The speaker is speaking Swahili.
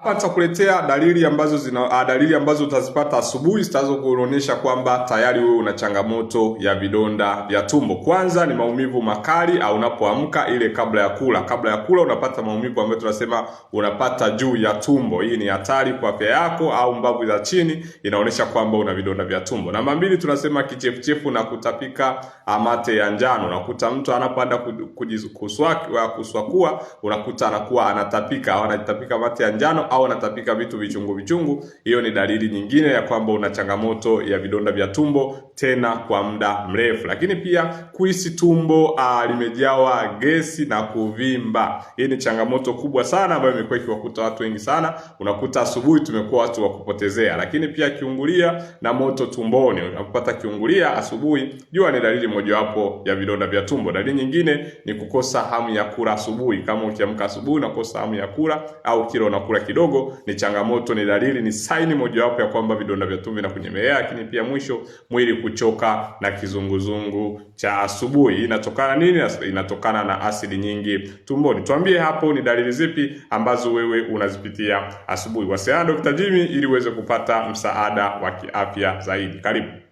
Hapa nitakuletea dalili ambazo zina ah, dalili ambazo utazipata asubuhi zitazokuonyesha kwamba tayari wewe una changamoto ya vidonda vya tumbo. Kwanza ni maumivu makali au unapoamka ile kabla ya kula. Kabla ya kula unapata maumivu ambayo tunasema unapata juu ya tumbo. Hii ni hatari kwa afya yako au mbavu za chini inaonyesha kwamba una vidonda vya tumbo. Namba mbili tunasema kichefuchefu na kutapika ah, mate ya njano. Unakuta mtu anapoenda kuswakua unakuta anakuwa anatapika au anatapika mate ya njano au anatapika vitu vichungu vichungu, hiyo ni dalili nyingine ya kwamba una changamoto ya vidonda vya tumbo tena kwa muda mrefu. Lakini pia kuhisi tumbo uh, limejawa gesi na kuvimba, hii ni changamoto kubwa sana ambayo imekuwa ikiwakuta watu wengi sana. Unakuta asubuhi tumekuwa watu wa kupotezea. Lakini pia kiungulia na moto tumboni, unapata kiungulia asubuhi, jua ni dalili mojawapo ya vidonda vya tumbo. Dalili nyingine ni kukosa hamu ya kula asubuhi. Kama ukiamka asubuhi unakosa hamu ya kula au kila unakula kidogo kidogo ni changamoto, ni dalili, ni saini mojawapo ya kwamba vidonda vya tumbo vinakunyemelea. Lakini pia mwisho, mwili kuchoka na kizunguzungu cha asubuhi. Inatokana nini? Inatokana na asidi nyingi tumboni. Tuambie hapo ni dalili zipi ambazo wewe unazipitia asubuhi. Wasiliana na Dr. Jimmy ili uweze kupata msaada wa kiafya zaidi. Karibu.